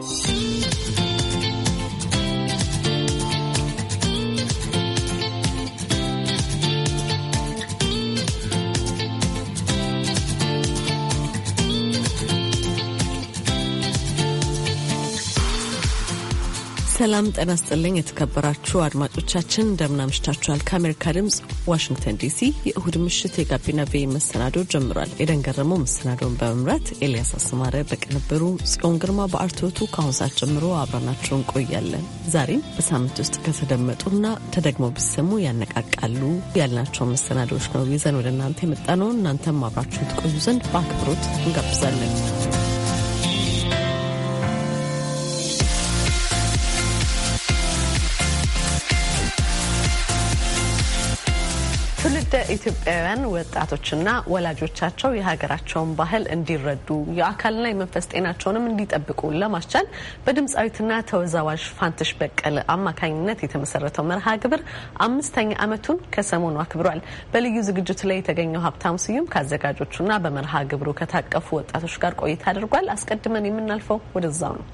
See ሰላም ጤና ስጥልኝ። የተከበራችሁ አድማጮቻችን እንደምን አምሽታችኋል? ከአሜሪካ ድምፅ ዋሽንግተን ዲሲ የእሁድ ምሽት የጋቢና ቬ መሰናዶ ጀምሯል። ኤደን ገረመው መሰናዶውን በመምራት ኤልያስ አስማረ በቅንብሩ፣ ጽዮን ግርማ በአርትዖቱ ከአሁን ሰዓት ጀምሮ አብረናችሁ እንቆያለን። ዛሬም በሳምንት ውስጥ ከተደመጡና ተደግሞ ቢሰሙ ያነቃቃሉ ያልናቸውን መሰናዶዎች ነው ይዘን ወደ እናንተ ነው። እናንተም አብራችሁን ትቆዩ ዘንድ በአክብሮት እንጋብዛለን። ትውልደ ኢትዮጵያውያን ወጣቶችና ወላጆቻቸው የሀገራቸውን ባህል እንዲረዱ የአካልና የመንፈስ ጤናቸውንም እንዲጠብቁ ለማስቻል በድምፃዊትና ተወዛዋዥ ፋንትሽ በቀለ አማካኝነት የተመሰረተው መርሃ ግብር አምስተኛ ዓመቱን ከሰሞኑ አክብሯል። በልዩ ዝግጅቱ ላይ የተገኘው ሀብታሙ ስዩም ከአዘጋጆቹና በመርሃ ግብሩ ከታቀፉ ወጣቶች ጋር ቆይታ አድርጓል። አስቀድመን የምናልፈው ወደዛው ነው።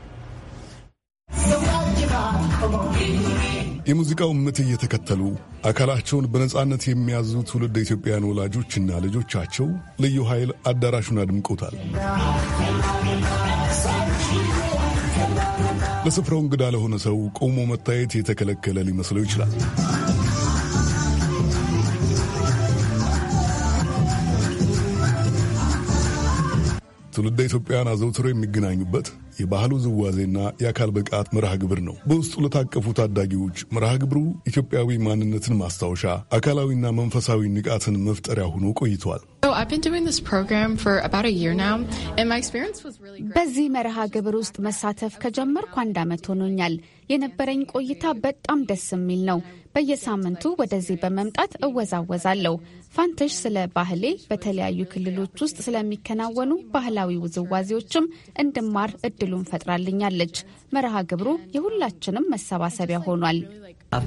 የሙዚቃው ምት እየተከተሉ አካላቸውን በነጻነት የሚያዙ ትውልድ ኢትዮጵያውያን ወላጆችና ልጆቻቸው ልዩ ኃይል አዳራሹን አድምቆታል። ለስፍራው እንግዳ ለሆነ ሰው ቆሞ መታየት የተከለከለ ሊመስለው ይችላል። ትውልደ ኢትዮጵያውያን አዘውትረው የሚገናኙበት የባህል ውዝዋዜና የአካል ብቃት መርሃ ግብር ነው። በውስጡ ለታቀፉ ታዳጊዎች መርሃ ግብሩ ኢትዮጵያዊ ማንነትን ማስታወሻ፣ አካላዊና መንፈሳዊ ንቃትን መፍጠሪያ ሆኖ ቆይቷል። በዚህ መርሃ ግብር ውስጥ መሳተፍ ከጀመርኩ አንድ ዓመት ሆኖኛል። የነበረኝ ቆይታ በጣም ደስ የሚል ነው። በየሳምንቱ ወደዚህ በመምጣት እወዛወዛለሁ። ፋንተሽ ስለ ባህሌ፣ በተለያዩ ክልሎች ውስጥ ስለሚከናወኑ ባህላዊ ውዝዋዜዎችም እንድማር እድሉን ፈጥራልኛለች። መርሃ ግብሩ የሁላችንም መሰባሰቢያ ሆኗል። uh,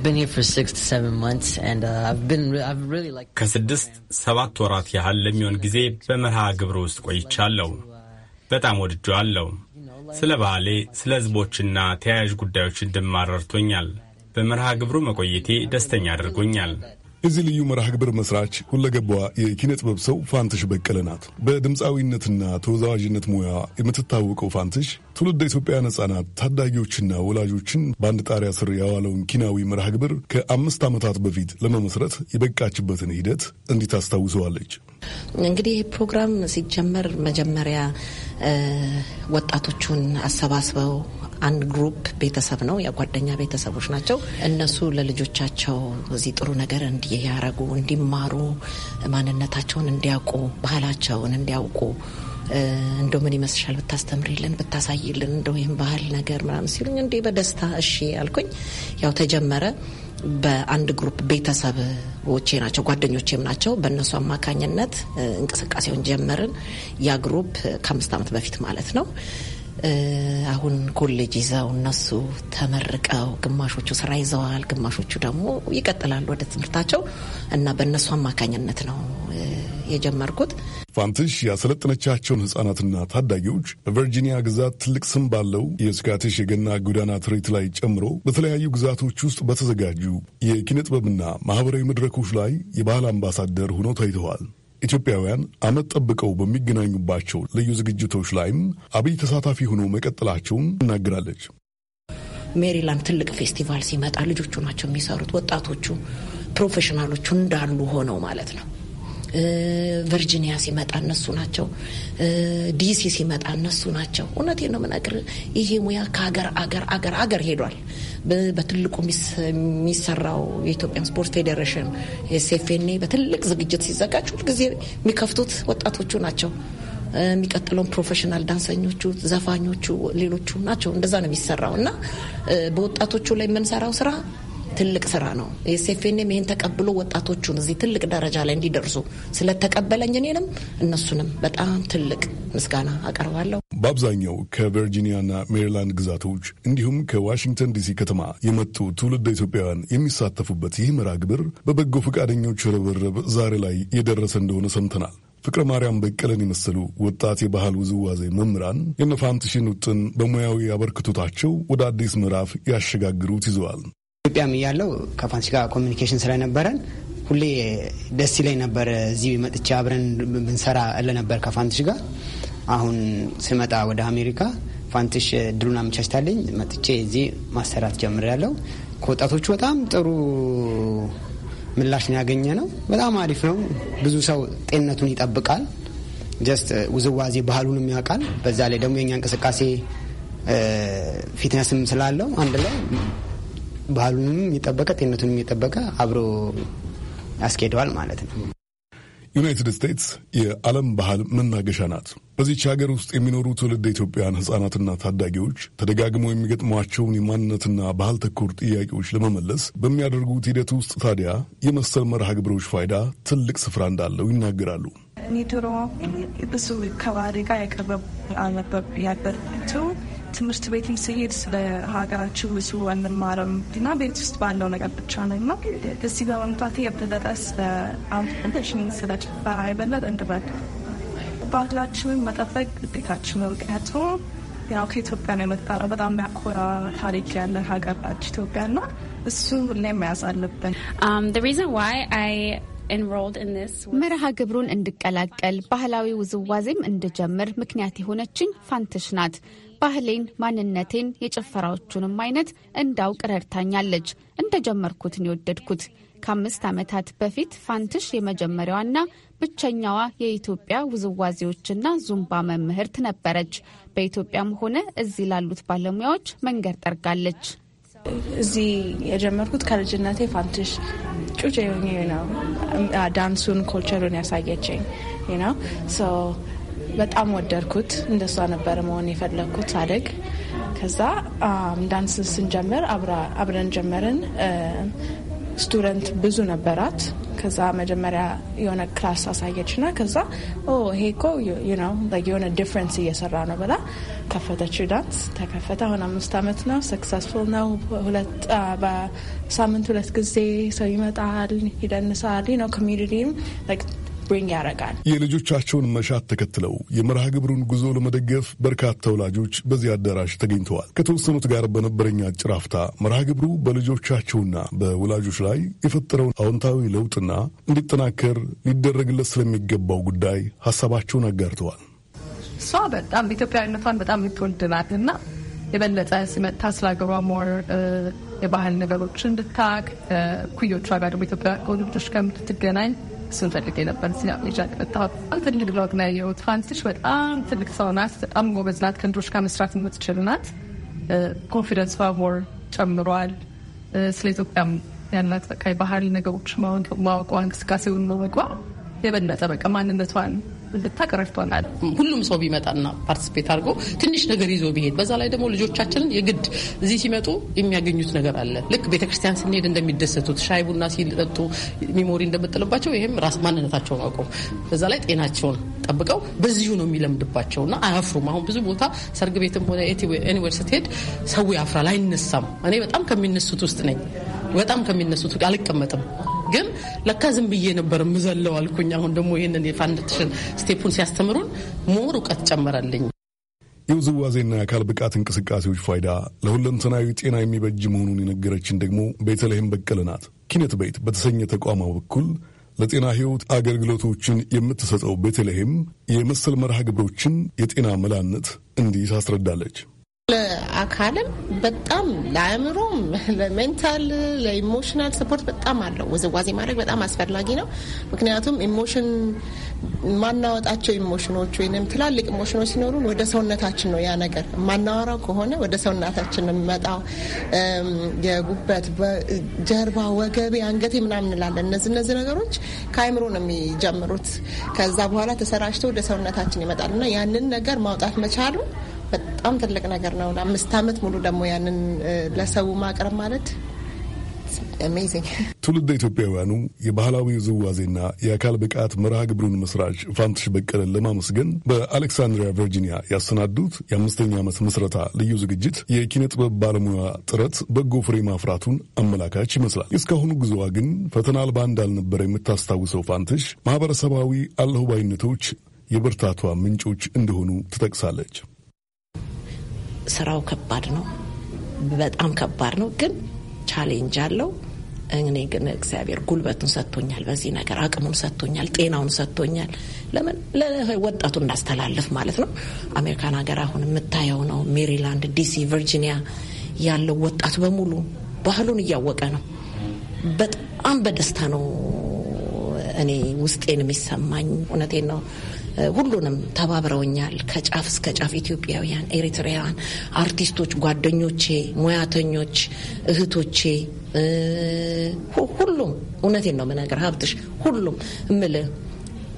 ከስድስት ሰባት ወራት ያህል ለሚሆን ጊዜ በመርሃ ግብሩ ውስጥ ቆይቻለሁ። በጣም ወድጄዋለሁ። ስለ ባህሌ፣ ስለ ህዝቦችና ተያያዥ ጉዳዮች እንድማር ረድቶኛል። በመርሃ ግብሩ መቆየቴ ደስተኛ አድርጎኛል። የዚህ ልዩ መርሃ ግብር መስራች ሁለገቧ የኪነ ጥበብ ሰው ፋንትሽ በቀለ ናት። በድምፃዊነትና ተወዛዋዥነት ሙያ የምትታወቀው ፋንትሽ ትውልድ ኢትዮጵያውያን ሕጻናት ታዳጊዎችና ወላጆችን በአንድ ጣሪያ ስር ያዋለውን ኪናዊ መርሃ ግብር ከአምስት ዓመታት በፊት ለመመስረት የበቃችበትን ሂደት እንዲት አስታውሰዋለች። እንግዲህ ይህ ፕሮግራም ሲጀመር መጀመሪያ ወጣቶቹን አሰባስበው አንድ ግሩፕ ቤተሰብ ነው፣ የጓደኛ ቤተሰቦች ናቸው። እነሱ ለልጆቻቸው እዚህ ጥሩ ነገር እንዲያረጉ፣ እንዲማሩ፣ ማንነታቸውን እንዲያውቁ፣ ባህላቸውን እንዲያውቁ እንደው ምን ይመስልሻል ብታስተምሪልን ብታሳይልን እንደው ይህም ባህል ነገር ምናምን ሲሉኝ እንዲህ በደስታ እሺ አልኩኝ። ያው ተጀመረ። በአንድ ግሩፕ ቤተሰቦቼ ናቸው ጓደኞቼም ናቸው። በእነሱ አማካኝነት እንቅስቃሴውን ጀመርን። ያ ግሩፕ ከአምስት ዓመት በፊት ማለት ነው። አሁን ኮሌጅ ይዘው እነሱ ተመርቀው ግማሾቹ ስራ ይዘዋል፣ ግማሾቹ ደግሞ ይቀጥላሉ ወደ ትምህርታቸው እና በእነሱ አማካኝነት ነው የጀመርኩት። ፋንትሽ ያሰለጠነቻቸውን ህጻናትና ታዳጊዎች በቨርጂኒያ ግዛት ትልቅ ስም ባለው የስካቲሽ የገና ጎዳና ትርኢት ላይ ጨምሮ በተለያዩ ግዛቶች ውስጥ በተዘጋጁ ጥበብና ማህበራዊ መድረኮች ላይ የባህል አምባሳደር ሆነው ታይተዋል። ኢትዮጵያውያን ዓመት ጠብቀው በሚገናኙባቸው ልዩ ዝግጅቶች ላይም አብይ ተሳታፊ ሆኖ መቀጠላቸውን ትናገራለች። ሜሪላንድ ትልቅ ፌስቲቫል ሲመጣ ልጆቹ ናቸው የሚሰሩት፣ ወጣቶቹ ፕሮፌሽናሎቹ እንዳሉ ሆነው ማለት ነው። ቨርጂኒያ ሲመጣ እነሱ ናቸው። ዲሲ ሲመጣ እነሱ ናቸው። እውነቴን ነው የምነግርህ። ይሄ ሙያ ከሀገር አገር አገር አገር ሄዷል። በትልቁ የሚሰራው የኢትዮጵያ ስፖርት ፌዴሬሽን ሴፌኔ በትልቅ ዝግጅት ሲዘጋጅ ሁልጊዜ የሚከፍቱት ወጣቶቹ ናቸው። የሚቀጥለውን ፕሮፌሽናል ዳንሰኞቹ፣ ዘፋኞቹ፣ ሌሎቹ ናቸው። እንደዛ ነው የሚሰራው እና በወጣቶቹ ላይ የምንሰራው ስራ ትልቅ ስራ ነው። ኤስኤፍኤንም ይህን ተቀብሎ ወጣቶቹን እዚህ ትልቅ ደረጃ ላይ እንዲደርሱ ስለተቀበለኝ እኔንም እነሱንም በጣም ትልቅ ምስጋና አቀርባለሁ። በአብዛኛው ከቨርጂኒያና ሜሪላንድ ግዛቶች እንዲሁም ከዋሽንግተን ዲሲ ከተማ የመጡ ትውልድ ኢትዮጵያውያን የሚሳተፉበት ይህ መርሃ ግብር በበጎ ፈቃደኞች ርብርብ ዛሬ ላይ የደረሰ እንደሆነ ሰምተናል። ፍቅረ ማርያም በቀለን የመሰሉ ወጣት የባህል ውዝዋዜ መምህራን የነፋንትሽን ውጥን በሙያዊ አበርክቶታቸው ወደ አዲስ ምዕራፍ ያሸጋግሩት ይዘዋል። ኢትዮጵያም እያለው ከፋንሲ ጋር ኮሚኒኬሽን ስለነበረን ሁሌ ደስ ይለኝ ነበር። እዚህ መጥቼ አብረን ብንሰራ ለነበር ከፋንትሽ ጋር አሁን ስመጣ ወደ አሜሪካ ፋንትሽ ድሉን አመቻችታለኝ መጥቼ እዚህ ማሰራት ጀምሬያለሁ። ከወጣቶቹ በጣም ጥሩ ምላሽ ነው ያገኘ ነው። በጣም አሪፍ ነው። ብዙ ሰው ጤንነቱን ይጠብቃል። ጀስት ውዝዋዜ ባህሉንም ያውቃል። በዛ ላይ ደግሞ የኛ እንቅስቃሴ ፊትነስም ስላለው አንድ ላይ ባህሉንም የጠበቀ ጤንነቱንም የጠበቀ አብሮ ያስኬደዋል ማለት ነው። ዩናይትድ ስቴትስ የዓለም ባህል መናገሻ ናት። በዚች ሀገር ውስጥ የሚኖሩ ትውልድ ኢትዮጵያውያን ሕጻናትና ታዳጊዎች ተደጋግመው የሚገጥሟቸውን የማንነትና ባህል ተኮር ጥያቄዎች ለመመለስ በሚያደርጉት ሂደት ውስጥ ታዲያ የመሰል መርሃ ግብሮች ፋይዳ ትልቅ ስፍራ እንዳለው ይናገራሉ። እኔ ብዙ ከባህሪ ጋር ያቀረቡ አልነበር ያበርቱ ትምህርት ቤትም ስሄድ ስለ ሀገራችን ብዙ እንማርም እና ቤት ውስጥ ባለው ነገር ብቻ ነው እና እዚህ በመምጣት የበለጠ ስለ አንትሽን ስለ ጭፈራ የበለጠ እንድበል ባህላችንን መጠበቅ ግዴታችን ነው። ምክንያቱም ያው ከኢትዮጵያ ነው የመጣ ነው። በጣም ያኮራ ታሪክ ያለ ሀገር ኢትዮጵያ እና እሱ ሁሌ መያዝ አለብን። um, መርሃ ግብሩን እንድቀላቀል ባህላዊ ውዝዋዜም እንድጀምር ምክንያት የሆነችኝ ፋንትሽ ናት። ባህሌን፣ ማንነቴን፣ የጭፈራዎቹንም አይነት እንዳውቅ ረድታኛለች። እንደ ነው የወደድኩት። ከአምስት ዓመታት በፊት ፋንትሽ የመጀመሪያዋና ብቸኛዋ የኢትዮጵያ ውዝዋዜዎችና ዙምባ መምህርት ነበረች። በኢትዮጵያም ሆነ እዚህ ላሉት ባለሙያዎች መንገድ ጠርጋለች። እዚህ የጀመርኩት ከልጅነቴ ፋንትሽ ጩጭ ዳንሱን ኮልቸሩን ያሳየችኝ ነው በጣም ወደድኩት። እንደሷ ነበር መሆን የፈለግኩት አደግ ከዛ ዳንስ ስንጀምር አብረን ጀመርን። ስቱደንት ብዙ ነበራት። ከዛ መጀመሪያ የሆነ ክላስ አሳየች ና ከዛ ይሄ እኮ የሆነ ዲፍረንስ እየሰራ ነው ብላ ከፈተች። ዳንስ ተከፈተ። አሁን አምስት ዓመት ነው። ሰክሰስፉል ነው። በሳምንት ሁለት ጊዜ ሰው ይመጣል፣ ይደንሳል ነው ኮሚኒቲም ብሪንግ ያደርጋል። የልጆቻቸውን መሻት ተከትለው የመርሃ ግብሩን ጉዞ ለመደገፍ በርካታ ወላጆች በዚህ አዳራሽ ተገኝተዋል። ከተወሰኑት ጋር በነበረኝ አጭር አፍታ መርሃ ግብሩ በልጆቻቸውና በወላጆች ላይ የፈጠረውን አዎንታዊ ለውጥና እንዲጠናከር ሊደረግለት ስለሚገባው ጉዳይ ሀሳባቸውን አጋርተዋል። እሷ በጣም ኢትዮጵያዊነቷን በጣም የምትወድ እና የበለጠ ሲመጣ ስለ ሀገሯ ሞር የባህል ነገሮች እንድታቅ ኩዮቿ ጋር ደግሞ ኢትዮጵያ ልጆች ከምትገናኝ እሱን ፈልጌ ነበር እዚህ አሜሪካ የመጣሁት። በጣም ትልቅ ለውጥ ነው ያየሁት። ፋንትሽ በጣም ትልቅ ሰው ናት። በጣም ጎበዝ ናት። ከንዶች ጋር መስራት የምትችል ናት። ኮንፊደንስ ፋቮር ጨምሯል። ስለ ኢትዮጵያም ያላት በቃ የባህል ነገሮች ማወቋ እንቅስቃሴውን መግባ የበለጠ በቃ ማንነቷን እንድታቅ ረድቷናል። ሁሉም ሰው ቢመጣና ፓርቲስፔት አድርጎ ትንሽ ነገር ይዞ ቢሄድ፣ በዛ ላይ ደግሞ ልጆቻችንን የግድ እዚህ ሲመጡ የሚያገኙት ነገር አለ። ልክ ቤተክርስቲያን ስንሄድ እንደሚደሰቱት ሻይ ቡና ሲጠጡ ሚሞሪ እንደምጥልባቸው ይህም ራስ ማንነታቸውን አውቀው በዛ ላይ ጤናቸውን ጠብቀው በዚሁ ነው የሚለምድባቸውና አያፍሩም። አሁን ብዙ ቦታ ሰርግ ቤትም ሆነ ኤኒዌር ስትሄድ ሰው ያፍራል፣ አይነሳም። እኔ በጣም ከሚነሱት ውስጥ ነኝ። በጣም ከሚነሱት አልቀመጥም። ግን ለካ ዝም ብዬ ነበር ምዘለው አልኩኝ። አሁን ደግሞ ይህንን የፋንድትሽን ስቴፑን ሲያስተምሩን ሞር እውቀት ጨመረልኝ። የውዝዋዜና የአካል ብቃት እንቅስቃሴዎች ፋይዳ ለሁለንተናዊ ጤና የሚበጅ መሆኑን የነገረችን ደግሞ ቤተልሔም በቀለ ናት። ኪነት ቤት በተሰኘ ተቋማ በኩል ለጤና ሕይወት አገልግሎቶችን የምትሰጠው ቤተልሔም የመሰል መርሃ ግብሮችን የጤና መላነት እንዲህ አስረዳለች። ለአካልም በጣም ለአእምሮም፣ ለሜንታል ለኢሞሽናል ሰፖርት በጣም አለው። ውዝዋዜ ማድረግ በጣም አስፈላጊ ነው። ምክንያቱም ኢሞሽን ማናወጣቸው ኢሞሽኖች ወይም ትላልቅ ኢሞሽኖች ሲኖሩን ወደ ሰውነታችን ነው ያ ነገር ማናወራው ከሆነ ወደ ሰውነታችን የሚመጣው። የጉበት፣ ጀርባ፣ ወገቤ፣ አንገቴ ምናምን እንላለን። እነዚህ እነዚህ ነገሮች ከአእምሮ ነው የሚጀምሩት። ከዛ በኋላ ተሰራጭተው ወደ ሰውነታችን ይመጣል እና ያንን ነገር ማውጣት መቻሉ በጣም ትልቅ ነገር ነው። አምስት ዓመት ሙሉ ደግሞ ያንን ለሰው ማቅረብ ማለት ትውልድ ኢትዮጵያውያኑ የባህላዊ ውዝዋዜና የአካል ብቃት መርሃ ግብሩን መስራች ፋንትሽ በቀለን ለማመስገን በአሌክሳንድሪያ ቨርጂኒያ ያሰናዱት የአምስተኛ ዓመት ምስረታ ልዩ ዝግጅት የኪነ ጥበብ ባለሙያ ጥረት በጎ ፍሬ ማፍራቱን አመላካች ይመስላል። እስካሁኑ ጉዞዋ ግን ፈተና አልባ እንዳልነበረ የምታስታውሰው ፋንትሽ ማህበረሰባዊ አለሁባይነቶች የብርታቷ ምንጮች እንደሆኑ ትጠቅሳለች። ስራው ከባድ ነው፣ በጣም ከባድ ነው፣ ግን ቻሌንጅ አለው። እኔ ግን እግዚአብሔር ጉልበቱን ሰጥቶኛል፣ በዚህ ነገር አቅሙን ሰጥቶኛል፣ ጤናውን ሰጥቶኛል። ለምን ለወጣቱ እንዳስተላልፍ ማለት ነው። አሜሪካን ሀገር አሁን የምታየው ነው። ሜሪላንድ፣ ዲሲ፣ ቨርጂኒያ ያለው ወጣት በሙሉ ባህሉን እያወቀ ነው። በጣም በደስታ ነው እኔ ውስጤን የሚሰማኝ። እውነቴን ነው። ሁሉንም ተባብረውኛል። ከጫፍ እስከ ጫፍ ኢትዮጵያውያን፣ ኤሪትሪያውያን አርቲስቶች፣ ጓደኞቼ፣ ሙያተኞች፣ እህቶቼ ሁሉም እውነቴን ነው ምነገር ሀብትሽ ሁሉም እምልህ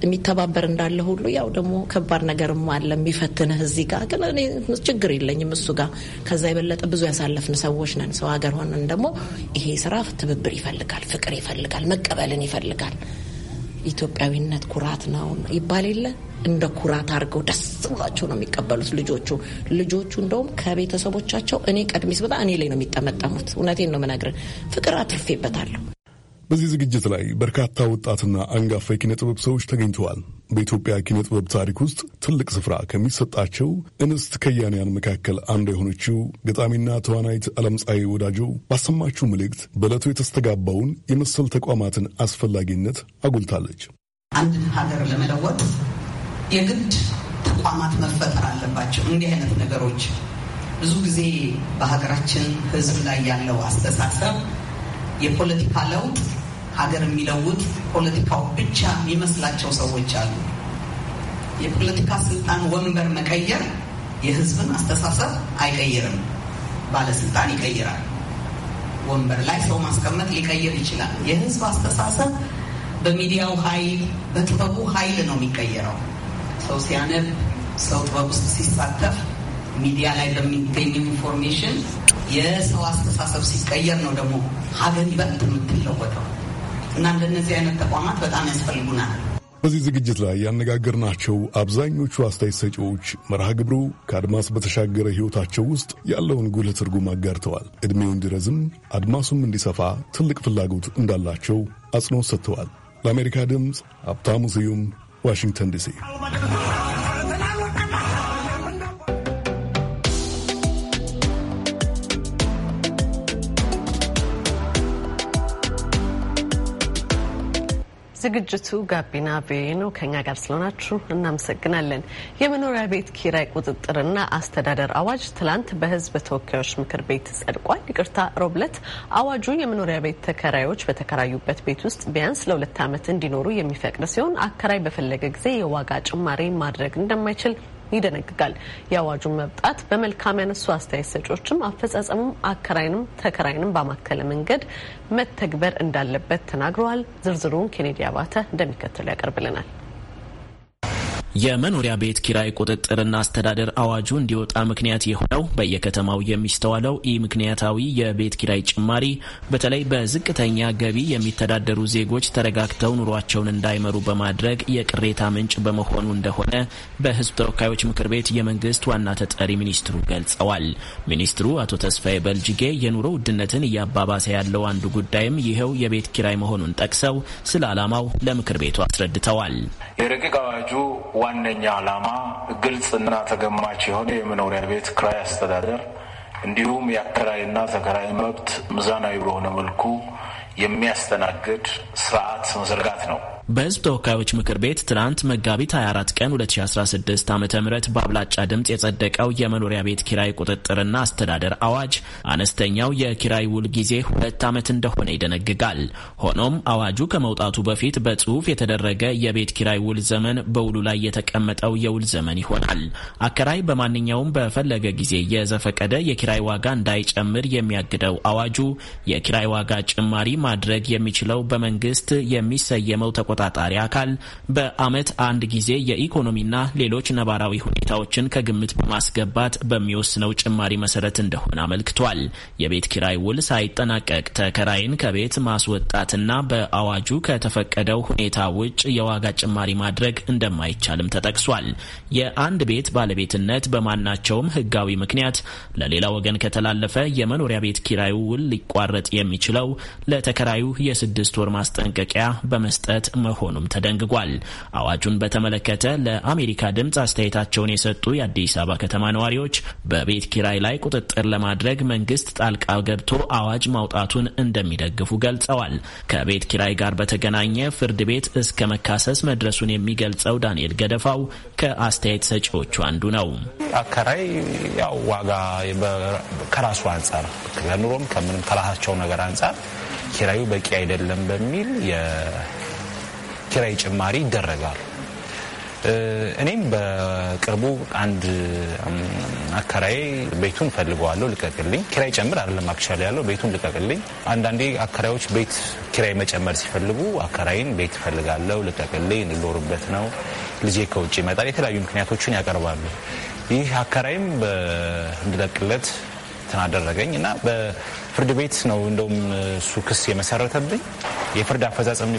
የሚተባበር እንዳለ ሁሉ ያው ደግሞ ከባድ ነገርም አለ የሚፈትንህ። እዚህ ጋር ግን እኔ ችግር የለኝም እሱ ጋር ከዛ የበለጠ ብዙ ያሳለፍን ሰዎች ነን። ሰው ሀገር ሆነን ደግሞ ይሄ ስራ ትብብር ይፈልጋል፣ ፍቅር ይፈልጋል፣ መቀበልን ይፈልጋል። ኢትዮጵያዊነት ኩራት ነው ይባል የለ እንደ ኩራት አድርገው ደስ ብሏቸው ነው የሚቀበሉት ልጆቹ። ልጆቹ እንደውም ከቤተሰቦቻቸው እኔ ቀድሚስ በጣም እኔ ላይ ነው የሚጠመጠሙት። እውነቴን ነው የምነግርህ፣ ፍቅር አትርፌበታለሁ። በዚህ ዝግጅት ላይ በርካታ ወጣትና አንጋፋ የኪነ ጥበብ ሰዎች ተገኝተዋል። በኢትዮጵያ ኪነ ጥበብ ታሪክ ውስጥ ትልቅ ስፍራ ከሚሰጣቸው እንስት ከያንያን መካከል አንዱ የሆነችው ገጣሚና ተዋናይት ዓለምፀሐይ ወዳጆ ባሰማችው መልእክት በዕለቱ የተስተጋባውን የመሰል ተቋማትን አስፈላጊነት አጉልታለች። አንድን ሀገር ለመለወጥ የግድ ተቋማት መፈጠር አለባቸው። እንዲህ አይነት ነገሮች ብዙ ጊዜ በሀገራችን ሕዝብ ላይ ያለው አስተሳሰብ የፖለቲካ ለውጥ ሀገር የሚለውጥ ፖለቲካው ብቻ የሚመስላቸው ሰዎች አሉ። የፖለቲካ ስልጣን ወንበር መቀየር የህዝብን አስተሳሰብ አይቀይርም። ባለስልጣን ይቀይራል። ወንበር ላይ ሰው ማስቀመጥ ሊቀይር ይችላል። የህዝብ አስተሳሰብ በሚዲያው ኃይል፣ በጥበቡ ኃይል ነው የሚቀየረው። ሰው ሲያነብ፣ ሰው ጥበብ ውስጥ ሲሳተፍ ሚዲያ ላይ በሚገኝ ኢንፎርሜሽን የሰው አስተሳሰብ ሲቀየር ነው ደግሞ ሀገር ይበልጥ የምትለወጠው እና እንደነዚህ አይነት ተቋማት በጣም ያስፈልጉናል። በዚህ ዝግጅት ላይ ያነጋገርናቸው አብዛኞቹ አስተያየት ሰጪዎች መርሃ ግብሩ ከአድማስ በተሻገረ ሕይወታቸው ውስጥ ያለውን ጉልህ ትርጉም አጋርተዋል። ዕድሜው እንዲረዝም አድማሱም እንዲሰፋ ትልቅ ፍላጎት እንዳላቸው አጽንኦት ሰጥተዋል። ለአሜሪካ ድምፅ ሀብታሙ ስዩም ዋሽንግተን ዲሲ ዝግጅቱ ጋቢና ቪኦኤ ነው። ከኛ ጋር ስለሆናችሁ እናመሰግናለን። የመኖሪያ ቤት ኪራይ ቁጥጥርና አስተዳደር አዋጅ ትላንት በሕዝብ ተወካዮች ምክር ቤት ጸድቋል። ይቅርታ ሮብለት አዋጁ የመኖሪያ ቤት ተከራዮች በተከራዩበት ቤት ውስጥ ቢያንስ ለሁለት ዓመት እንዲኖሩ የሚፈቅድ ሲሆን አከራይ በፈለገ ጊዜ የዋጋ ጭማሪ ማድረግ እንደማይችል ይደነግጋል። የአዋጁን መብጣት በመልካም ያነሱ አስተያየት ሰጪዎችም አፈጻጸሙም አከራይንም ተከራይንም ባማከለ መንገድ መተግበር እንዳለበት ተናግረዋል። ዝርዝሩን ኬኔዲ አባተ እንደሚከተሉ ያቀርብልናል። የመኖሪያ ቤት ኪራይ ቁጥጥርና አስተዳደር አዋጁ እንዲወጣ ምክንያት የሆነው በየከተማው የሚስተዋለው ኢ ምክንያታዊ የቤት ኪራይ ጭማሪ በተለይ በዝቅተኛ ገቢ የሚተዳደሩ ዜጎች ተረጋግተው ኑሯቸውን እንዳይመሩ በማድረግ የቅሬታ ምንጭ በመሆኑ እንደሆነ በሕዝብ ተወካዮች ምክር ቤት የመንግስት ዋና ተጠሪ ሚኒስትሩ ገልጸዋል። ሚኒስትሩ አቶ ተስፋዬ በልጅጌ የኑሮ ውድነትን እያባባሰ ያለው አንዱ ጉዳይም ይኸው የቤት ኪራይ መሆኑን ጠቅሰው ስለ ዓላማው ለምክር ቤቱ አስረድተዋል። የረቂቅ አዋጁ ዋነኛ ዓላማ ግልጽና ተገማች የሆነ የመኖሪያ ቤት ክራይ አስተዳደር እንዲሁም የአከራይና ተከራይ መብት ሚዛናዊ በሆነ መልኩ የሚያስተናግድ ስርዓት መዘርጋት ነው። በህዝብ ተወካዮች ምክር ቤት ትናንት መጋቢት 24 ቀን 2016 ዓ ም በአብላጫ ድምፅ የጸደቀው የመኖሪያ ቤት ኪራይ ቁጥጥርና አስተዳደር አዋጅ አነስተኛው የኪራይ ውል ጊዜ ሁለት ዓመት እንደሆነ ይደነግጋል። ሆኖም አዋጁ ከመውጣቱ በፊት በጽሁፍ የተደረገ የቤት ኪራይ ውል ዘመን በውሉ ላይ የተቀመጠው የውል ዘመን ይሆናል። አከራይ በማንኛውም በፈለገ ጊዜ የዘፈቀደ የኪራይ ዋጋ እንዳይጨምር የሚያግደው አዋጁ የኪራይ ዋጋ ጭማሪ ማድረግ የሚችለው በመንግስት የሚሰየመው ተቆ ተቆጣጣሪ አካል በዓመት አንድ ጊዜ የኢኮኖሚና ሌሎች ነባራዊ ሁኔታዎችን ከግምት በማስገባት በሚወስነው ጭማሪ መሰረት እንደሆነ አመልክቷል። የቤት ኪራይ ውል ሳይጠናቀቅ ተከራይን ከቤት ማስወጣትና በአዋጁ ከተፈቀደው ሁኔታ ውጭ የዋጋ ጭማሪ ማድረግ እንደማይቻልም ተጠቅሷል። የአንድ ቤት ባለቤትነት በማናቸውም ህጋዊ ምክንያት ለሌላ ወገን ከተላለፈ የመኖሪያ ቤት ኪራዩ ውል ሊቋረጥ የሚችለው ለተከራዩ የስድስት ወር ማስጠንቀቂያ በመስጠት መሆኑም ተደንግጓል። አዋጁን በተመለከተ ለአሜሪካ ድምፅ አስተያየታቸውን የሰጡ የአዲስ አበባ ከተማ ነዋሪዎች በቤት ኪራይ ላይ ቁጥጥር ለማድረግ መንግስት ጣልቃ ገብቶ አዋጅ ማውጣቱን እንደሚደግፉ ገልጸዋል። ከቤት ኪራይ ጋር በተገናኘ ፍርድ ቤት እስከ መካሰስ መድረሱን የሚገልጸው ዳንኤል ገደፋው ከአስተያየት ሰጪዎቹ አንዱ ነው። አከራይ ያው ዋጋ ከራሱ አንጻር ከኑሮም ከምንም ከራሳቸው ነገር አንጻር ኪራዩ በቂ አይደለም በሚል ኪራይ ጭማሪ ይደረጋል። እኔም በቅርቡ አንድ አከራዬ ቤቱን ፈልገዋለሁ፣ ልቀቅልኝ፣ ኪራይ ጨምር አይደለም አክሻል ያለው ቤቱን ልቀቅልኝ። አንዳንዴ አከራዮች ቤት ኪራይ መጨመር ሲፈልጉ አከራይን ቤት ፈልጋለሁ፣ ልቀቅልኝ፣ እንኖርበት ነው፣ ልጄ ከውጭ ይመጣል፣ የተለያዩ ምክንያቶችን ያቀርባሉ። ይህ አከራይም እንድለቅለት ተናደረገኝ እና ፍርድ ቤት ነው እንደውም እሱ ክስ የመሰረተብኝ። የፍርድ አፈጻጸም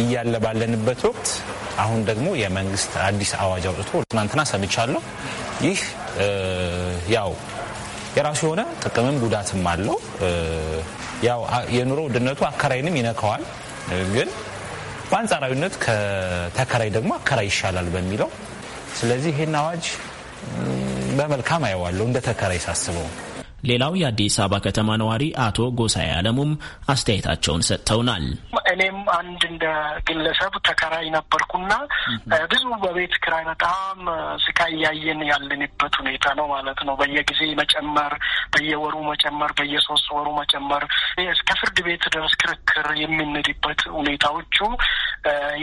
እያለ ባለንበት ወቅት አሁን ደግሞ የመንግስት አዲስ አዋጅ አውጥቶ ትናንትና ሰምቻለሁ። ይህ ያው የራሱ የሆነ ጥቅምም ጉዳትም አለው። ያው የኑሮ ውድነቱ አከራይንም ይነካዋል። ግን በአንጻራዊነት ከተከራይ ደግሞ አከራይ ይሻላል በሚለው ስለዚህ ይህን አዋጅ በመልካም አየዋለሁ እንደ ተከራይ ሳስበው ሌላው የአዲስ አበባ ከተማ ነዋሪ አቶ ጎሳ አለሙም አስተያየታቸውን ሰጥተውናል። እኔም አንድ እንደ ግለሰብ ተከራይ ነበርኩና ብዙ በቤት ክራይ በጣም ስቃይ እያየን ያለንበት ሁኔታ ነው ማለት ነው። በየጊዜ መጨመር፣ በየወሩ መጨመር፣ በየሶስት ወሩ መጨመር እስከ ፍርድ ቤት ድረስ ክርክር የምንሄድበት ሁኔታዎቹ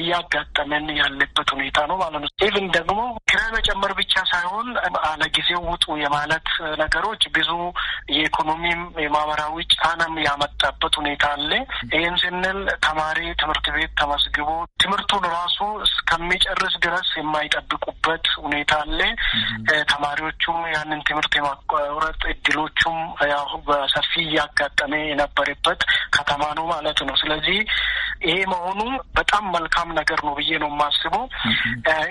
እያጋጠመን ያለበት ሁኔታ ነው ማለት ነው። ኢቭን ደግሞ ክራይ መጨመር ብቻ ሳይሆን አለጊዜው ውጡ የማለት ነገሮች ብዙ የኢኮኖሚም የማህበራዊ ጫናም ያመጣበት ሁኔታ አለ። ይህን ስንል ተማሪ ትምህርት ቤት ተመዝግቦ ትምህርቱን ራሱ እስከሚጨርስ ድረስ የማይጠብቁበት ሁኔታ አለ። ተማሪዎቹም ያንን ትምህርት የማቋረጥ እድሎቹም ያው በሰፊ እያጋጠመ የነበረበት ከተማ ነው ማለት ነው። ስለዚህ ይሄ መሆኑ በጣም መልካም ነገር ነው ብዬ ነው የማስበው።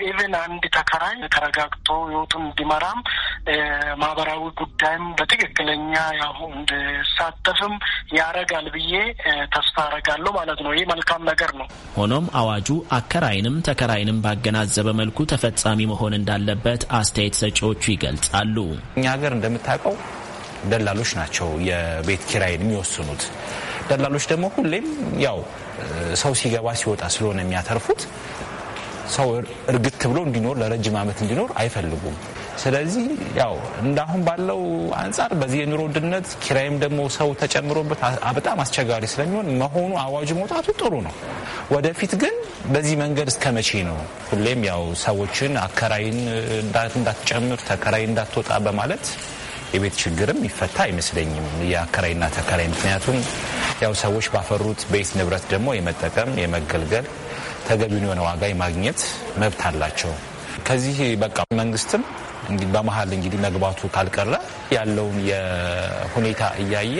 ኢቨን አንድ ተከራይ ተረጋግቶ ህይወቱን እንዲመራም ማህበራዊ ጉዳይም በትክክል ለእኛ ያው እንድሳተፍም ያረጋል ብዬ ተስፋ አረጋለሁ ማለት ነው። ይህ መልካም ነገር ነው። ሆኖም አዋጁ አከራይንም ተከራይንም ባገናዘበ መልኩ ተፈጻሚ መሆን እንዳለበት አስተያየት ሰጪዎቹ ይገልጻሉ። እኛ ሀገር እንደምታውቀው ደላሎች ናቸው የቤት ኪራይን የሚወስኑት። ደላሎች ደግሞ ሁሌም ያው ሰው ሲገባ ሲወጣ ስለሆነ የሚያተርፉት ሰው እርግት ብሎ እንዲኖር ለረጅም ዓመት እንዲኖር አይፈልጉም። ስለዚህ ያው እንዳሁን ባለው አንጻር በዚህ የኑሮ ውድነት ኪራይም ደግሞ ሰው ተጨምሮበት በጣም አስቸጋሪ ስለሚሆን መሆኑ አዋጁ መውጣቱ ጥሩ ነው። ወደፊት ግን በዚህ መንገድ እስከ መቼ ነው? ሁሌም ያው ሰዎችን አከራይን እንዳትጨምር፣ ተከራይ እንዳትወጣ በማለት የቤት ችግርም ይፈታ አይመስለኝም። የአከራይና ተከራይ ምክንያቱም ያው ሰዎች ባፈሩት ቤት ንብረት ደግሞ የመጠቀም የመገልገል ተገቢውን የሆነ ዋጋ የማግኘት መብት አላቸው። ከዚህ በቃ መንግስትም በመሀል እንግዲህ መግባቱ ካልቀረ ያለውን የሁኔታ እያየ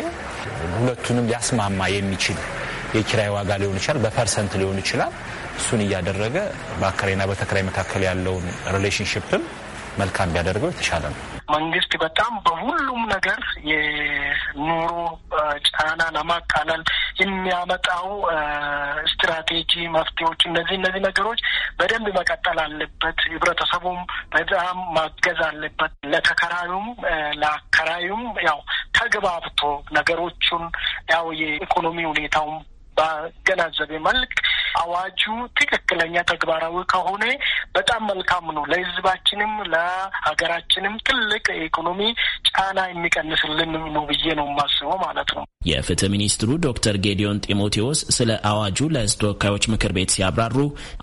ሁለቱንም ሊያስማማ የሚችል የኪራይ ዋጋ ሊሆን ይችላል፣ በፐርሰንት ሊሆን ይችላል። እሱን እያደረገ በአከራይና በተከራይ መካከል ያለውን ሪሌሽንሽፕም መልካም ቢያደርገው የተሻለ ነው። መንግስት በጣም በሁሉም ነገር የኑሮ ጫና ለማቃለል የሚያመጣው ስትራቴጂ መፍትሄዎች፣ እነዚህ እነዚህ ነገሮች በደንብ መቀጠል አለበት። ህብረተሰቡም በጣም ማገዝ አለበት። ለተከራዩም ለአከራዩም ያው ተግባብቶ ነገሮቹን ያው የኢኮኖሚ ሁኔታውም ባገናዘበ መልክ አዋጁ ትክክለኛ ተግባራዊ ከሆነ በጣም መልካም ነው። ለህዝባችንም ለሀገራችንም ትልቅ የኢኮኖሚ ጫና የሚቀንስልን ነው ብዬ ነው የማስበው ማለት ነው። የፍትህ ሚኒስትሩ ዶክተር ጌዲዮን ጢሞቴዎስ ስለ አዋጁ ለህዝብ ተወካዮች ምክር ቤት ሲያብራሩ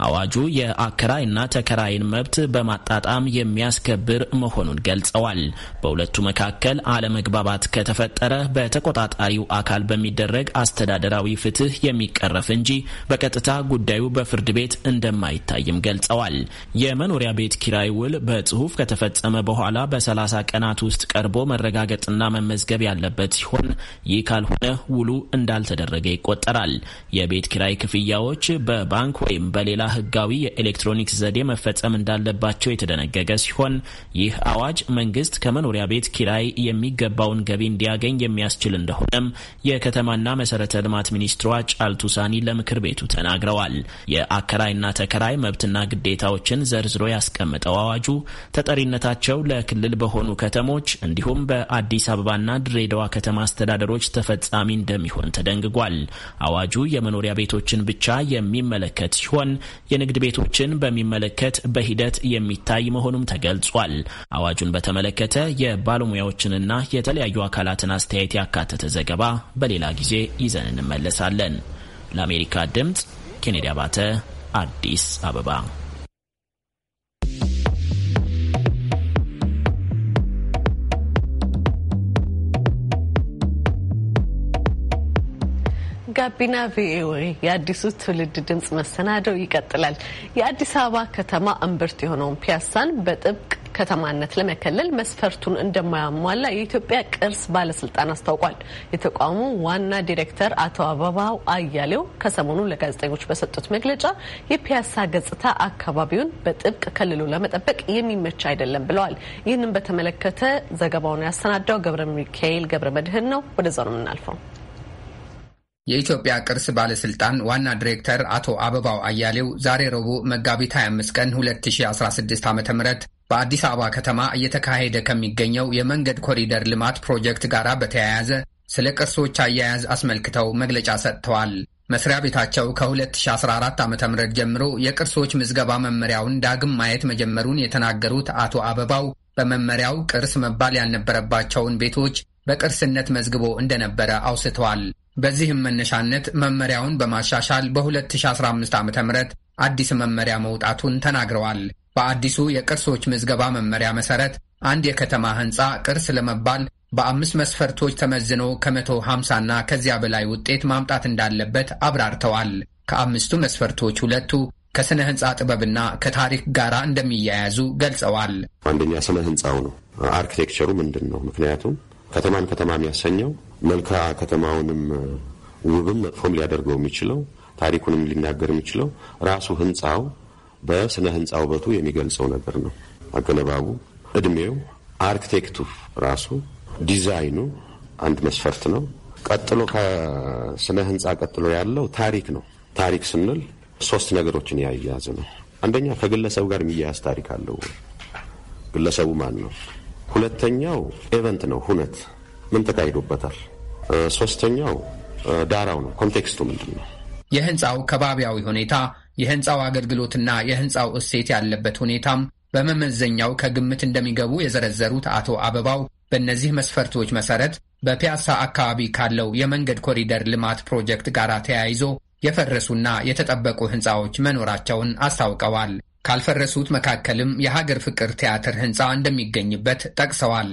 አዋጁ የአከራይና ተከራይን መብት በማጣጣም የሚያስከብር መሆኑን ገልጸዋል። በሁለቱ መካከል አለመግባባት ከተፈጠረ በተቆጣጣሪው አካል በሚደረግ አስተዳደራዊ ፍትህ የሚቀረፍ እንጂ በቀጥታ ጉዳዩ በፍርድ ቤት እንደማይታይም ገልጸዋል። የመኖሪያ ቤት ኪራይ ውል በጽሁፍ ከተፈጸመ በኋላ በሰላሳ ቀናት ውስጥ ቀርቦ መረጋገጥና መመዝገብ ያለበት ሲሆን ይህ ካልሆነ ውሉ እንዳልተደረገ ይቆጠራል። የቤት ኪራይ ክፍያዎች በባንክ ወይም በሌላ ህጋዊ የኤሌክትሮኒክስ ዘዴ መፈጸም እንዳለባቸው የተደነገገ ሲሆን ይህ አዋጅ መንግስት ከመኖሪያ ቤት ኪራይ የሚገባውን ገቢ እንዲያገኝ የሚያስችል እንደሆነም የከተማና መሰረተ ልማት ሚኒስትሯ ጫልቱ ሳኒ ለምክር ቤቱ ተናግረዋል። ተናግረዋል። የአከራይና ተከራይ መብትና ግዴታዎችን ዘርዝሮ ያስቀመጠው አዋጁ ተጠሪነታቸው ለክልል በሆኑ ከተሞች እንዲሁም በአዲስ አበባና ድሬዳዋ ከተማ አስተዳደሮች ተፈጻሚ እንደሚሆን ተደንግጓል። አዋጁ የመኖሪያ ቤቶችን ብቻ የሚመለከት ሲሆን የንግድ ቤቶችን በሚመለከት በሂደት የሚታይ መሆኑም ተገልጿል። አዋጁን በተመለከተ የባለሙያዎችንና የተለያዩ አካላትን አስተያየት ያካተተ ዘገባ በሌላ ጊዜ ይዘን እንመለሳለን። ለአሜሪካ ድምፅ ኬኔዲ አባተ አዲስ አበባ። ጋቢና ቪኦኤ የአዲሱ ትውልድ ድምጽ መሰናደው ይቀጥላል። የአዲስ አበባ ከተማ እምብርት የሆነውን ፒያሳን በጥብቅ ከተማነት ለመከለል መስፈርቱን እንደማያሟላ የኢትዮጵያ ቅርስ ባለስልጣን አስታውቋል። የተቋሙ ዋና ዲሬክተር አቶ አበባው አያሌው ከሰሞኑ ለጋዜጠኞች በሰጡት መግለጫ የፒያሳ ገጽታ አካባቢውን በጥብቅ ክልሉ ለመጠበቅ የሚመች አይደለም ብለዋል። ይህንን በተመለከተ ዘገባውን ያሰናዳው ገብረ ሚካኤል ገብረ መድህን ነው። ወደዛው ነው የምናልፈው። የኢትዮጵያ ቅርስ ባለስልጣን ዋና ዲሬክተር አቶ አበባው አያሌው ዛሬ ረቡዕ መጋቢት 25 ቀን 2016 ዓ ም በአዲስ አበባ ከተማ እየተካሄደ ከሚገኘው የመንገድ ኮሪደር ልማት ፕሮጀክት ጋር በተያያዘ ስለ ቅርሶች አያያዝ አስመልክተው መግለጫ ሰጥተዋል። መስሪያ ቤታቸው ከ2014 ዓ ም ጀምሮ የቅርሶች ምዝገባ መመሪያውን ዳግም ማየት መጀመሩን የተናገሩት አቶ አበባው በመመሪያው ቅርስ መባል ያልነበረባቸውን ቤቶች በቅርስነት መዝግቦ እንደነበረ አውስተዋል። በዚህም መነሻነት መመሪያውን በማሻሻል በ2015 ዓ ም አዲስ መመሪያ መውጣቱን ተናግረዋል። በአዲሱ የቅርሶች ምዝገባ መመሪያ መሰረት አንድ የከተማ ህንፃ ቅርስ ለመባል በአምስት መስፈርቶች ተመዝኖ ከመቶ ሃምሳና ከዚያ በላይ ውጤት ማምጣት እንዳለበት አብራርተዋል። ከአምስቱ መስፈርቶች ሁለቱ ከሥነ ህንፃ ጥበብና ከታሪክ ጋር እንደሚያያዙ ገልጸዋል። አንደኛ ስነ ህንፃው ነው። አርኪቴክቸሩ ምንድን ነው? ምክንያቱም ከተማን ከተማ የሚያሰኘው መልክዓ ከተማውንም ውብም መጥፎም ሊያደርገው የሚችለው ታሪኩንም ሊናገር የሚችለው ራሱ ህንፃው በስነ ህንፃ ውበቱ የሚገልጸው ነገር ነው። አገነባቡ፣ እድሜው፣ አርክቴክቱ ራሱ ዲዛይኑ አንድ መስፈርት ነው። ቀጥሎ ከስነ ህንፃ ቀጥሎ ያለው ታሪክ ነው። ታሪክ ስንል ሶስት ነገሮችን ያያዝ ነው። አንደኛ ከግለሰቡ ጋር የሚያያዝ ታሪክ አለው። ግለሰቡ ማን ነው? ሁለተኛው ኤቨንት ነው፣ ሁነት ምን ተካሂዶበታል። ሶስተኛው ዳራው ነው፣ ኮንቴክስቱ ምንድን ነው? የህንፃው ከባቢያዊ ሁኔታ የህንፃው አገልግሎትና የህንፃው እሴት ያለበት ሁኔታም በመመዘኛው ከግምት እንደሚገቡ የዘረዘሩት አቶ አበባው በእነዚህ መስፈርቶች መሰረት በፒያሳ አካባቢ ካለው የመንገድ ኮሪደር ልማት ፕሮጀክት ጋር ተያይዞ የፈረሱና የተጠበቁ ህንፃዎች መኖራቸውን አስታውቀዋል። ካልፈረሱት መካከልም የሀገር ፍቅር ቲያትር ህንፃ እንደሚገኝበት ጠቅሰዋል።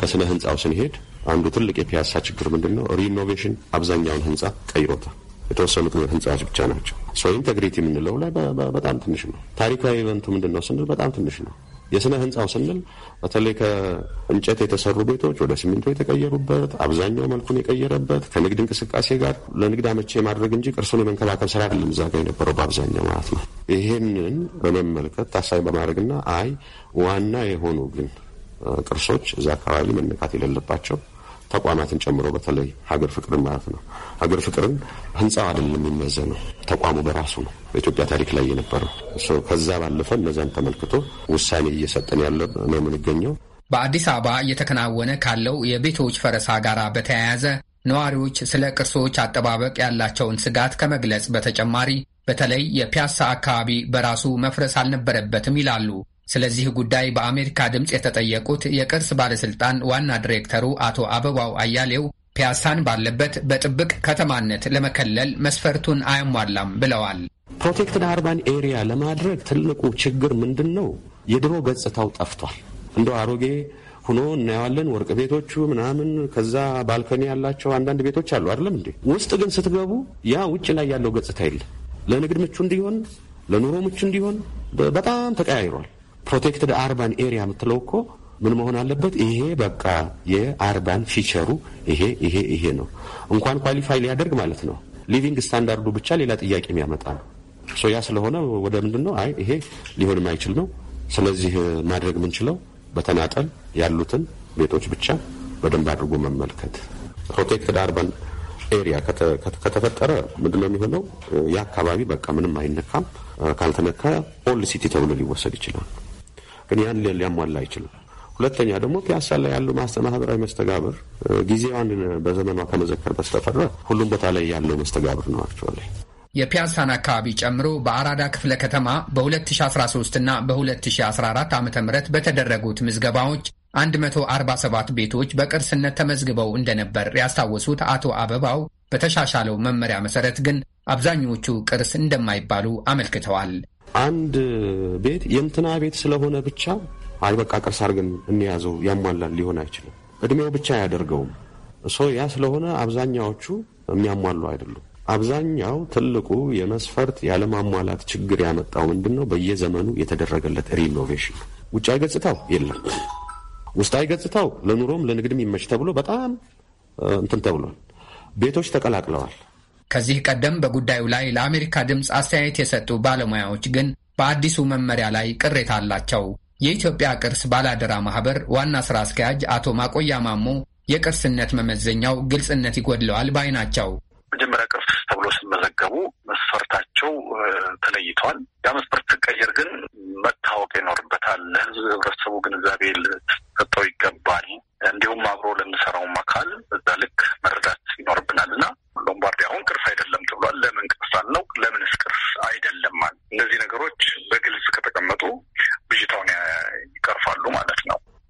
ከስነ ህንፃው ስንሄድ አንዱ ትልቅ የፒያሳ ችግር ምንድን ነው? ሪኖቬሽን አብዛኛውን ህንፃ ቀይሮታል። የተወሰኑት ህንፃዎች ብቻ ናቸው። ኢንተግሪቲ የምንለው ላይ በጣም ትንሽ ነው። ታሪካዊ መንቱ ምንድን ነው ስንል በጣም ትንሽ ነው። የስነ ህንፃው ስንል በተለይ ከእንጨት የተሰሩ ቤቶች ወደ ሲሚንቶ የተቀየሩበት አብዛኛው መልኩን የቀየረበት ከንግድ እንቅስቃሴ ጋር ለንግድ አመቼ ማድረግ እንጂ ቅርሱን የመንከባከብ ስራ አይደለም እዛ ጋር የነበረው በአብዛኛው ማለት ነው። ይህንን በመመልከት ታሳቢ በማድረግና አይ ዋና የሆኑ ግን ቅርሶች እዛ አካባቢ መነካት የሌለባቸው ተቋማትን ጨምሮ በተለይ ሀገር ፍቅርን ማለት ነው። ሀገር ፍቅርን ህንፃ አይደለም የሚመዘነው ተቋሙ በራሱ ነው በኢትዮጵያ ታሪክ ላይ የነበረው። ከዛ ባለፈ እነዛን ተመልክቶ ውሳኔ እየሰጠን ያለ ነው የምንገኘው። በአዲስ አበባ እየተከናወነ ካለው የቤቶች ፈረሳ ጋር በተያያዘ ነዋሪዎች ስለ ቅርሶች አጠባበቅ ያላቸውን ስጋት ከመግለጽ በተጨማሪ በተለይ የፒያሳ አካባቢ በራሱ መፍረስ አልነበረበትም ይላሉ። ስለዚህ ጉዳይ በአሜሪካ ድምፅ የተጠየቁት የቅርስ ባለሥልጣን ዋና ዲሬክተሩ አቶ አበባው አያሌው ፒያሳን ባለበት በጥብቅ ከተማነት ለመከለል መስፈርቱን አያሟላም ብለዋል። ፕሮቴክትድ አርባን ኤሪያ ለማድረግ ትልቁ ችግር ምንድን ነው? የድሮ ገጽታው ጠፍቷል። እንደው አሮጌ ሁኖ እናየዋለን። ወርቅ ቤቶቹ ምናምን፣ ከዛ ባልኮኒ ያላቸው አንዳንድ ቤቶች አሉ አይደለም እንዴ? ውስጥ ግን ስትገቡ ያ ውጭ ላይ ያለው ገጽታ የለም። ለንግድ ምቹ እንዲሆን፣ ለኑሮ ምቹ እንዲሆን በጣም ተቀያይሯል። ፕሮቴክትድ አርባን ኤሪያ የምትለው እኮ ምን መሆን አለበት? ይሄ በቃ የአርባን ፊቸሩ ይሄ ይሄ ይሄ ነው እንኳን ኳሊፋይ ሊያደርግ ማለት ነው። ሊቪንግ ስታንዳርዱ ብቻ ሌላ ጥያቄ የሚያመጣ ነው። ያ ስለሆነ ወደ ምንድን ነው አይ ይሄ ሊሆን የማይችል ነው። ስለዚህ ማድረግ የምንችለው በተናጠል ያሉትን ቤቶች ብቻ በደንብ አድርጎ መመልከት። ፕሮቴክትድ አርባን ኤሪያ ከተፈጠረ ምንድን ነው የሚሆነው? ያ አካባቢ በቃ ምንም አይነካም። ካልተነካ ኦል ሲቲ ተብሎ ሊወሰድ ይችላል። ግን ያን ሊያሟላ አይችልም። ሁለተኛ ደግሞ ፒያሳ ላይ ያለው ማህበራዊ መስተጋብር ጊዜዋን በዘመኗ ከመዘከር በስተፈረ ሁሉም ቦታ ላይ ያለው መስተጋብር ነው አክቹዋሊ። የፒያሳን አካባቢ ጨምሮ በአራዳ ክፍለ ከተማ በ2013 እና በ2014 ዓ ም በተደረጉት ምዝገባዎች 147 ቤቶች በቅርስነት ተመዝግበው እንደነበር ያስታወሱት አቶ አበባው በተሻሻለው መመሪያ መሰረት ግን አብዛኞቹ ቅርስ እንደማይባሉ አመልክተዋል። አንድ ቤት የእንትና ቤት ስለሆነ ብቻ አይ በቃ ቅርስ አድርገን እንያዘው ያሟላል ሊሆን አይችልም። እድሜው ብቻ አያደርገውም። እሶ ያ ስለሆነ አብዛኛዎቹ የሚያሟሉ አይደሉም። አብዛኛው ትልቁ የመስፈርት ያለማሟላት ችግር ያመጣው ምንድን ነው? በየዘመኑ የተደረገለት ሪኖቬሽን ነው። ውጫዊ ገጽታው የለም፣ ውስጣዊ ገጽታው ለኑሮም ለንግድም ይመች ተብሎ በጣም እንትን ተብሏል። ቤቶች ተቀላቅለዋል። ከዚህ ቀደም በጉዳዩ ላይ ለአሜሪካ ድምፅ አስተያየት የሰጡ ባለሙያዎች ግን በአዲሱ መመሪያ ላይ ቅሬታ አላቸው። የኢትዮጵያ ቅርስ ባላደራ ማህበር ዋና ሥራ አስኪያጅ አቶ ማቆያ ማሞ የቅርስነት መመዘኛው ግልጽነት ይጎድለዋል ባይ ናቸው። መጀመሪያ ቅርስ ተብሎ ስመዘገቡ መስፈርታቸው ተለይተዋል። ያ መስፈርት ሲቀየር ግን መታወቅ ይኖርበታል። ለህዝብ ህብረተሰቡ ግንዛቤ ልሰጠው ይገባል።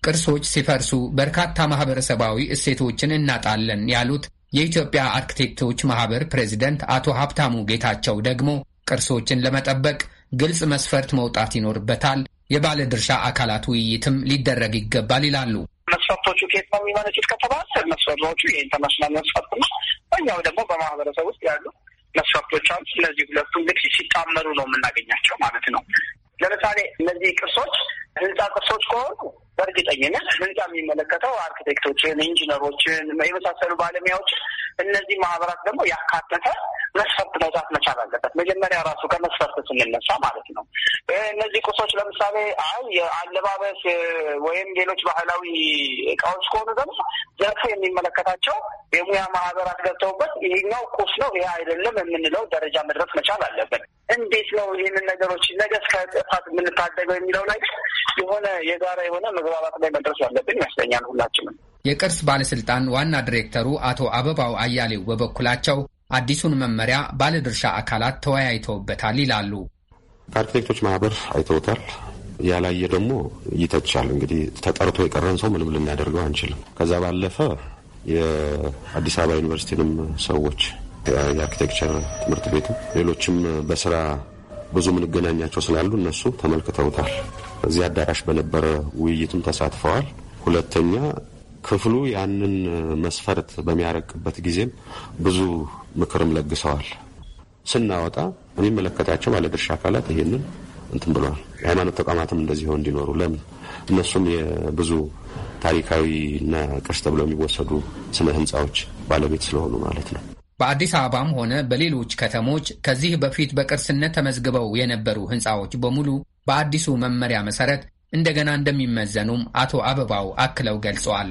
ቅርሶች ሲፈርሱ በርካታ ማህበረሰባዊ እሴቶችን እናጣለን ያሉት የኢትዮጵያ አርክቴክቶች ማህበር ፕሬዚደንት አቶ ሀብታሙ ጌታቸው ደግሞ ቅርሶችን ለመጠበቅ ግልጽ መስፈርት መውጣት ይኖርበታል፣ የባለድርሻ አካላት ውይይትም ሊደረግ ይገባል ይላሉ። መስፈርቶቹ ከየት ነው የሚመነጩት ከተባለ መስፈርቶቹ የኢንተርናሽናል መስፈርት ነው። እኛው ደግሞ በማህበረሰብ ውስጥ ያሉ መስፈርቶች አሉ። እነዚህ ሁለቱ እንግዲህ ሲጣመሩ ነው የምናገኛቸው ማለት ነው። ለምሳሌ እነዚህ ቅርሶች ህንፃ ቅርሶች ከሆኑ በእርግጠኝነት ህንፃ የሚመለከተው አርኪቴክቶችን፣ ኢንጂነሮችን የመሳሰሉ ባለሙያዎችን እነዚህ ማህበራት ደግሞ ያካተተ መስፈርት መውጣት መቻል አለበት። መጀመሪያ ራሱ ከመስፈርት ስንነሳ ማለት ነው። እነዚህ ቁሶች ለምሳሌ አይ የአለባበስ ወይም ሌሎች ባህላዊ እቃዎች ከሆኑ ደግሞ ዘርፉ የሚመለከታቸው የሙያ ማህበራት ገብተውበት ይሄኛው ቁስ ነው ይሄ አይደለም የምንለው ደረጃ መድረስ መቻል አለብን። እንዴት ነው ይህንን ነገሮች ነገስ ከጥፋት የምንታደገው የሚለው ላይ የሆነ የጋራ የሆነ መግባባት ላይ መድረስ ያለብን ይመስለኛል ሁላችንም። የቅርስ ባለስልጣን ዋና ዲሬክተሩ አቶ አበባው አያሌው በበኩላቸው አዲሱን መመሪያ ባለድርሻ አካላት ተወያይተውበታል ይላሉ። ከአርኪቴክቶች ማህበር አይተውታል። ያላየ ደግሞ ይተቻል። እንግዲህ ተጠርቶ የቀረን ሰው ምንም ልናደርገው አንችልም። ከዛ ባለፈ የአዲስ አበባ ዩኒቨርሲቲንም ሰዎች የአርኪቴክቸር ትምህርት ቤት ሌሎችም በስራ ብዙ ምንገናኛቸው ስላሉ እነሱ ተመልክተውታል። እዚህ አዳራሽ በነበረ ውይይትም ተሳትፈዋል። ሁለተኛ ክፍሉ ያንን መስፈርት በሚያረቅበት ጊዜም ብዙ ምክርም ለግሰዋል። ስናወጣ የሚመለከታቸው ባለድርሻ አካላት ይህንን እንትን ብለዋል። የሃይማኖት ተቋማትም እንደዚህ እንዲኖሩ ለምን እነሱም የብዙ ታሪካዊና ቅርስ ተብለው የሚወሰዱ ስነ ህንፃዎች ባለቤት ስለሆኑ ማለት ነው። በአዲስ አበባም ሆነ በሌሎች ከተሞች ከዚህ በፊት በቅርስነት ተመዝግበው የነበሩ ህንፃዎች በሙሉ በአዲሱ መመሪያ መሰረት እንደገና እንደሚመዘኑም አቶ አበባው አክለው ገልጸዋል።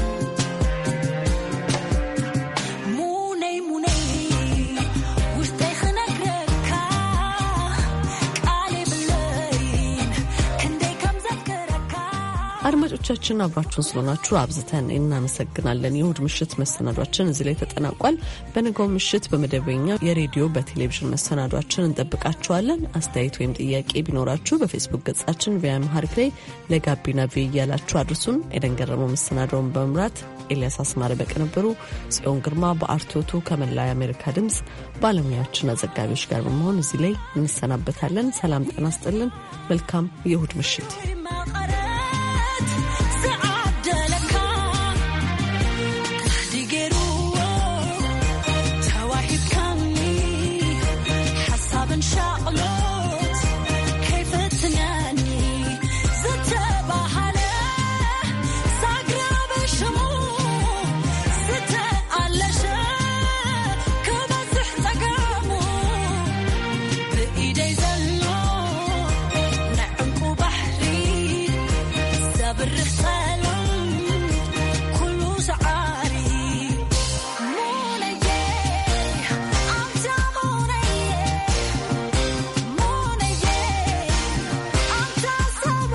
አድማጮቻችን አብራችሁን ስለሆናችሁ አብዝተን እናመሰግናለን። የእሁድ ምሽት መሰናዷችን እዚህ ላይ ተጠናቋል። በንጋው ምሽት በመደበኛ የሬዲዮ በቴሌቪዥን መሰናዷችን እንጠብቃችኋለን። አስተያየት ወይም ጥያቄ ቢኖራችሁ በፌስቡክ ገጻችን ቪያምሃሪክ ላይ ለጋቢና ቪ እያላችሁ አድርሱን። ኤደን ገረመው መሰናዷውን በመምራት ኤልያስ አስማረ በቅንብሩ፣ ጽዮን ግርማ በአርቶቱ ከመላው የአሜሪካ ድምፅ ባለሙያችን አዘጋቢዎች ጋር በመሆን እዚህ ላይ እንሰናበታለን። ሰላም ጤና ስጥልን። መልካም የእሁድ ምሽት